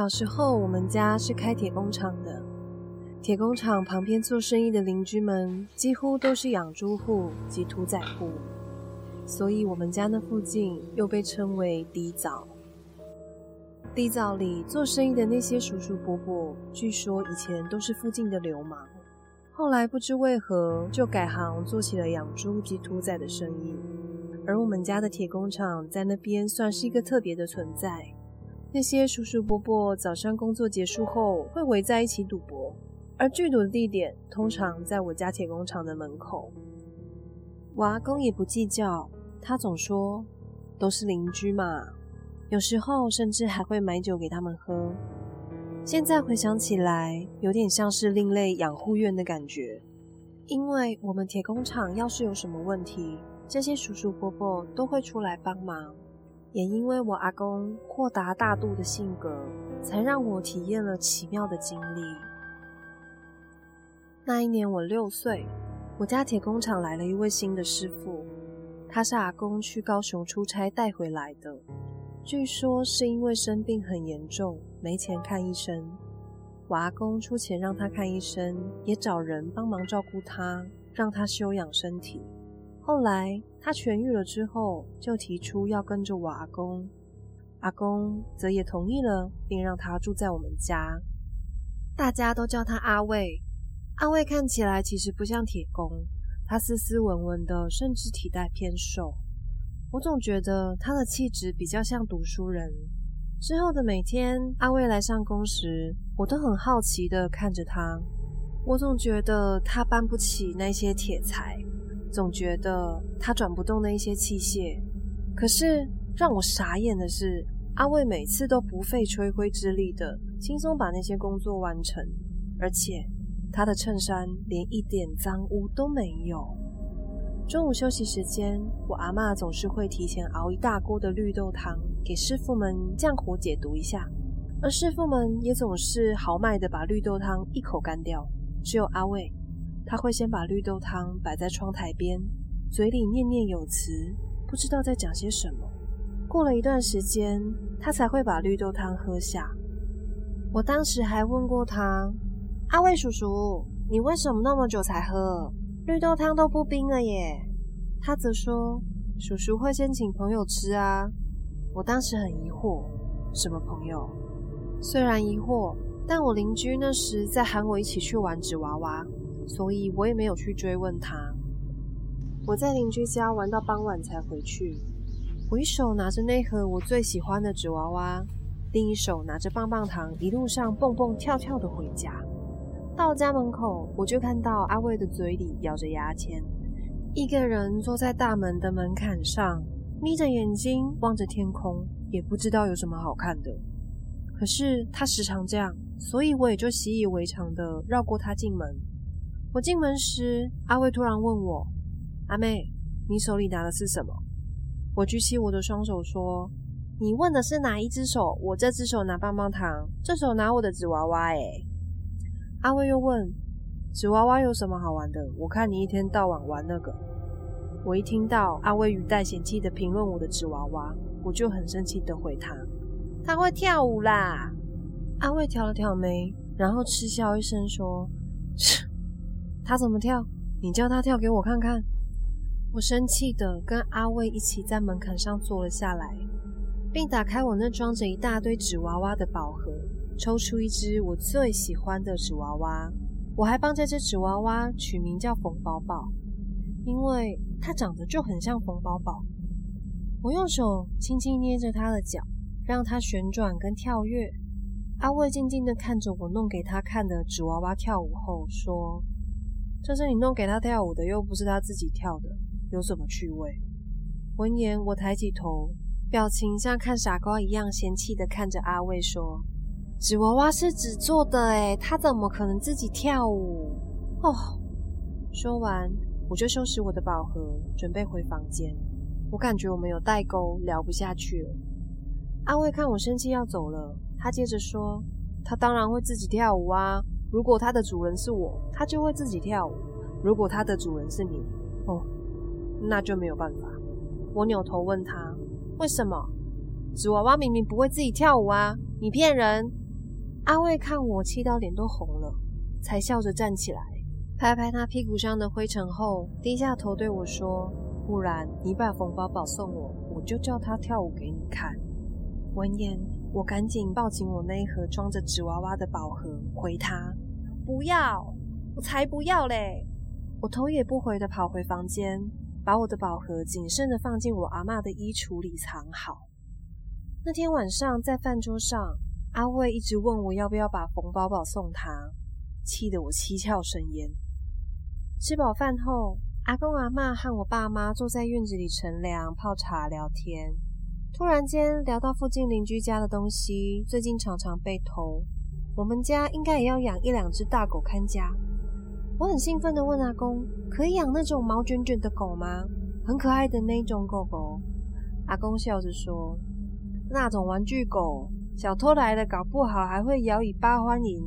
小時候，我們家是開鐵工廠的。鐵工廠旁邊做生意的鄰居們，幾乎都是養豬戶及屠宰戶，所以我們家那附近又被稱為“地造”。地造裡做生意的那些叔叔伯伯，據說以前都是附近的流氓，後來不知為何就改行做起了養豬及屠宰的生意。而我們家的鐵工廠在那邊算是一個特別的存在。那些叔叔伯伯早上工作結束後會圍在一起賭博，而聚賭的地點通常在我家鐵工廠的門口。我阿公也不計較，他總說都是鄰居嘛。有時候甚至還會買酒給他們喝。現在回想起來，有點像是另類養護院的感覺，因為我們鐵工廠要是有什麼問題，這些叔叔伯伯都會出來幫忙。也因為我阿公豁達大度的性格，才讓我體驗了奇妙的經歷。那一年我六歲，我家鐵工廠來了一位新的師傅，他是阿公去高雄出差帶回來的。據說是因為生病很嚴重，沒錢看醫生。我阿公出錢讓他看醫生，也找人幫忙照顧他，讓他休養身體。後來他痊癒了之後，就提出要跟着我阿公，阿公則也同意了，並讓他住在我們家。大家都叫他阿衛。阿衛看起來其實不像鐵工，他斯斯文文的，甚至體態偏瘦。我總覺得他的氣質比較像讀書人。之後的每天，阿衛來上工時，我都很好奇地看着他。我總覺得他搬不起那些鐵材。總覺得他轉不動那些器械，可是讓我傻眼的是，阿衛每次都不費吹灰之力的輕鬆把那些工作完成，而且他的襯衫連一點髒污都沒有。中午休息時間，我阿嬤總是會提前熬一大鍋的綠豆湯給師傅們降火解毒一下，而師傅們也總是豪邁的把綠豆湯一口乾掉，只有阿衛。他會先把綠豆湯擺在窗台邊，嘴裡念念有詞，不知道在講些什麼。過了一段時間，他才會把綠豆湯喝下。我當時還問過他：“阿魏叔叔，你為什麼那麼久才喝綠豆湯都不冰了耶？”他則說：“叔叔會先請朋友吃啊。”我當時很疑惑，什麼朋友？雖然疑惑，但我鄰居那時在喊我一起去玩紙娃娃。所以我也沒有去追問他。我在鄰居家玩到傍晚才回去，我一手拿着那盒我最喜歡的紙娃娃，另一手拿着棒棒糖，一路上蹦蹦跳跳的回家。到家門口，我就看到阿衛的嘴裡咬着牙籤，一個人坐在大門的門檻上，眯着眼睛望着天空，也不知道有什麼好看的。可是他時常這樣，所以我也就習以為常的繞過他進門。我進門時，阿威突然問我：“阿妹，你手裡拿的是什麼？”我舉起我的雙手說：“你問的是哪一隻手？我這隻手拿棒棒糖，這手拿我的紙娃娃。欸。”誒阿威又問：“紙娃娃有什麼好玩的？我看你一天到晚玩那個。”我一聽到阿威語帶嫌棄的評論我的紙娃娃，我就很生氣的回他：“它會跳舞啦！”阿威挑了挑眉，然後嗤笑一聲說：“是。”他怎麼跳？你叫他跳給我看看。我生氣地跟阿衛一起在門檻上坐了下來，並打開我那裝着一大堆紙娃娃的寶盒，抽出一只我最喜歡的紙娃娃。我還幫這只紙娃娃取名叫馮寶寶，因為它長得就很像馮寶寶。我用手輕輕捏着它的腳，讓它旋轉跟跳躍。阿衛靜靜地看着我弄給他看的紙娃娃跳舞後說。這是你弄給他跳舞的，又不是他自己跳的，有什麼趣味？聞言，我抬起頭，表情像看傻瓜一樣嫌棄地看着阿衛說：“紙娃娃是紙做的，哎，他怎麼可能自己跳舞？”哦。說完，我就收拾我的寶盒，準備回房間。我感覺我們有代溝，聊不下去了。阿衛看我生氣要走了，他接着說：“他當然會自己跳舞啊。”如果它的主人是我，它就會自己跳舞。如果它的主人是你，哦，那就沒有辦法。我扭頭問他為什麼，紙娃娃明明不會自己跳舞啊！你騙人！阿衛看我氣到臉都紅了，才笑着站起來，拍拍他屁股上的灰塵後，低下頭對我說：“不然你把馮寶寶送我，我就叫他跳舞給你看。”聞言，我趕緊抱緊我那一盒裝着紙娃娃的寶盒，回他。不要！我才不要嘞！我頭也不回的跑回房間，把我的寶盒謹慎的放進我阿媽的衣櫥裡藏好。那天晚上在飯桌上，阿衛一直問我要不要把馮寶寶送他，氣得我七竅生煙。吃飽飯後，阿公阿媽和我爸媽坐在院子裡乘涼泡茶聊天，突然間聊到附近鄰居家的東西最近常常被偷。我們家應該也要養一兩隻大狗看家。我很興奮地問阿公：“可以養那種毛卷卷的狗嗎？很可愛的那種狗狗？”阿公笑着說：“那種玩具狗，小偷來了搞不好還會搖尾巴歡迎，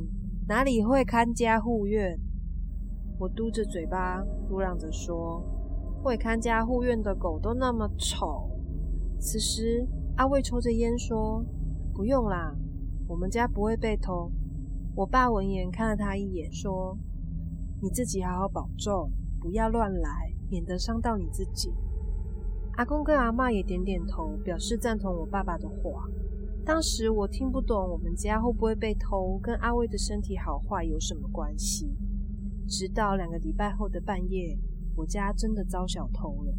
哪裡會看家護院？”我嘟着嘴巴嘟囔着說：“會看家護院的狗都那麼醜。”此時，阿衛抽着煙說：“不用啦。”我們家不會被偷。我爸聞言看了他一眼，說：“你自己好好保重，不要亂來，免得傷到你自己。”阿公跟阿嬤也點點頭，表示贊同我爸爸的話。當時我聽不懂，我們家會不會被偷跟阿威的身體好壞有什麼關係。直到兩個禮拜後的半夜，我家真的遭小偷了。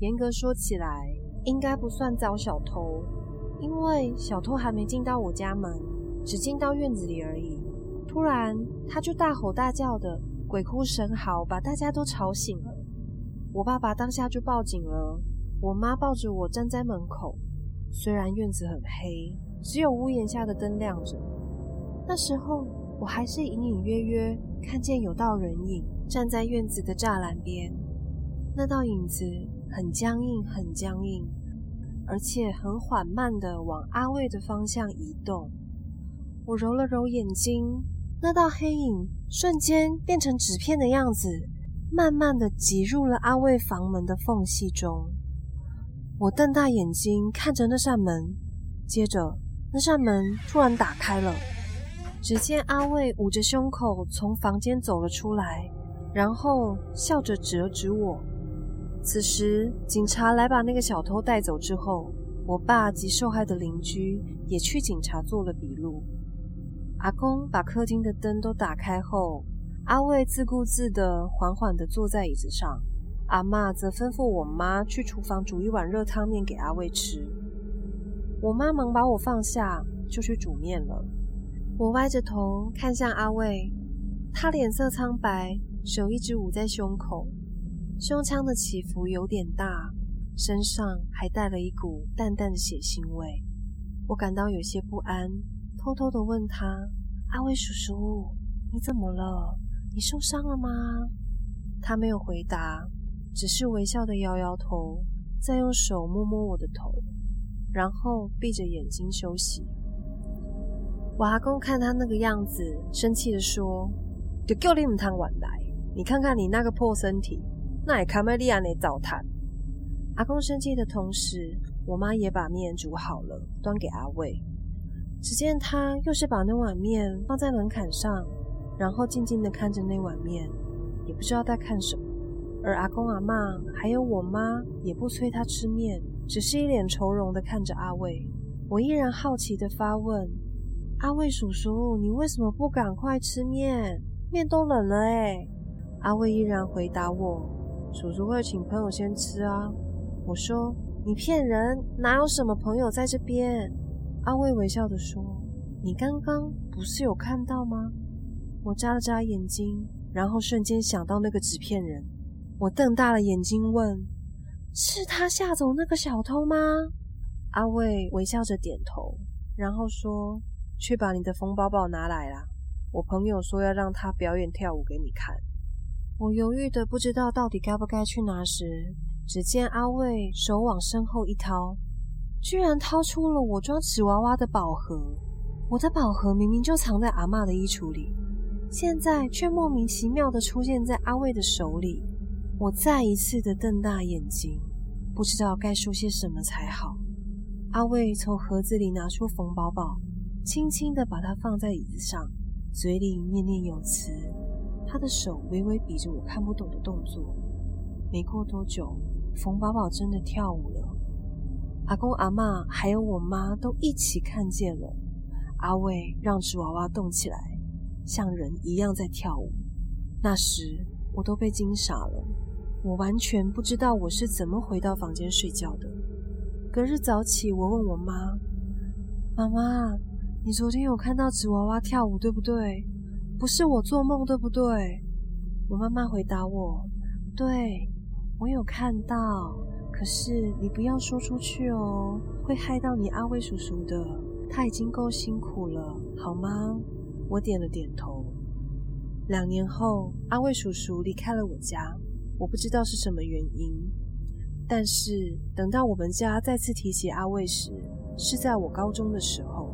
嚴格說起來，應該不算遭小偷。因為小偷還沒進到我家門，只進到院子裡而已。突然，他就大吼大叫的鬼哭神嚎，把大家都吵醒了。我爸爸當下就報警了。我媽抱着我站在門口，雖然院子很黑，只有屋檐下的燈亮着。那時候，我還是隱隱約約看見有道人影站在院子的柵欄邊。那道影子很僵硬，很僵硬。而且很緩慢地往阿衛的方向移動。我揉了揉眼睛，那道黑影瞬間變成紙片的樣子，慢慢地擠入了阿衛房門的縫隙中。我瞪大眼睛看着那扇門，接着那扇門突然打開了，只見阿衛捂着胸口從房間走了出來，然後笑着指了指我。此時，警察來把那個小偷帶走之後，我爸及受害的鄰居也去警察做了筆錄。阿公把客廳的燈都打開後，阿魏自顧自地緩緩地坐在椅子上，阿嬤則吩咐我媽去廚房煮一碗熱湯麵給阿魏吃。我媽忙把我放下，就去煮麵了。我歪着頭看向阿魏，他臉色蒼白，手一直捂在胸口。胸腔的起伏有點大，身上還帶了一股淡淡的血腥味，我感到有些不安，偷偷地問他：“阿威叔叔，你怎麼了？你受傷了嗎？”他沒有回答，只是微笑地搖搖頭，再用手摸摸我的頭，然後閉着眼睛休息。我阿公看他那個樣子，生氣地說：“就叫你毋通晚來，你看看你那個破身體！”那也卡麥利亞內，糟蹋。阿公生氣的同時，我媽也把麵煮好了，端給阿魏。只見他又是把那碗麵放在門檻上，然後靜靜的看着那碗麵，也不知道在看什麼。而阿公阿嬤、阿媽還有我媽也不催他吃麵，只是一臉愁容的看着阿魏。我依然好奇的發問，阿魏叔叔，你為什麼不趕快吃麵？麵都冷了哎、欸！阿魏依然回答我。叔叔會請朋友先吃啊！我說你騙人，哪有什麼朋友在這邊？阿威微笑地說：“你剛剛不是有看到嗎？”我眨了眨眼睛，然後瞬間想到那個紙片人，我瞪大了眼睛問：“是他嚇走那個小偷嗎？”阿威微笑着點頭，然後說：“去把你的風包包拿來啦！我朋友說要讓他表演跳舞給你看。”我猶豫的不知道到底該不該去拿時，只見阿衛手往身後一掏，居然掏出了我裝紙娃娃的寶盒。我的寶盒明明就藏在阿嬤的衣櫥裡，現在卻莫名其妙的出現在阿衛的手裡。我再一次的瞪大眼睛，不知道該說些什麼才好。阿衛從盒子裡拿出馮寶寶，輕輕的把它放在椅子上，嘴裡念念有詞。他的手微微比着我看不懂的動作。沒過多久，馮寶寶真的跳舞了。阿公、阿嬤還有我媽都一起看見了。阿偉讓紙娃娃動起來，像人一樣在跳舞。那時我都被驚傻了，我完全不知道我是怎麼回到房間睡覺的。隔日早起，我問我媽：“媽媽，你昨天有看到紙娃娃跳舞，對不對？”不是我做夢，對不對？我媽媽回答我：“對，我有看到，可是你不要說出去哦，會害到你阿魏叔叔的，他已經夠辛苦了，好嗎？”我點了點頭。兩年後，阿魏叔叔離開了我家，我不知道是什麼原因。但是等到我們家再次提起阿魏時，是在我高中的時候。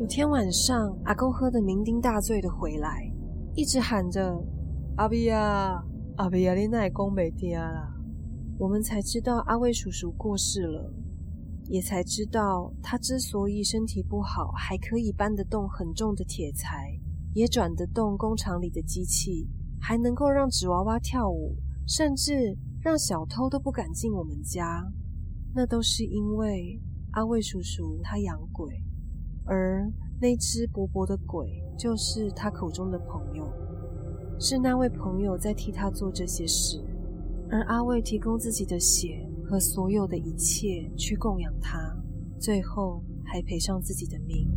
有天晚上，阿公喝得酩酊大醉的回來，一直喊着、啊：“阿比亞、啊、阿比亞麗那也公沒聽啦、啊。”我們才知道阿衛叔叔過世了，也才知道他之所以身體不好，還可以搬得動很重的鐵材，也轉得動工廠裡的機器，還能夠讓紙娃娃跳舞，甚至讓小偷都不敢進我們家，那都是因為阿衛叔叔他養鬼。而那隻薄薄的鬼，就是他口中的朋友，是那位朋友在替他做這些事，而阿魏提供自己的血和所有的一切去供養他，最後還賠上自己的命。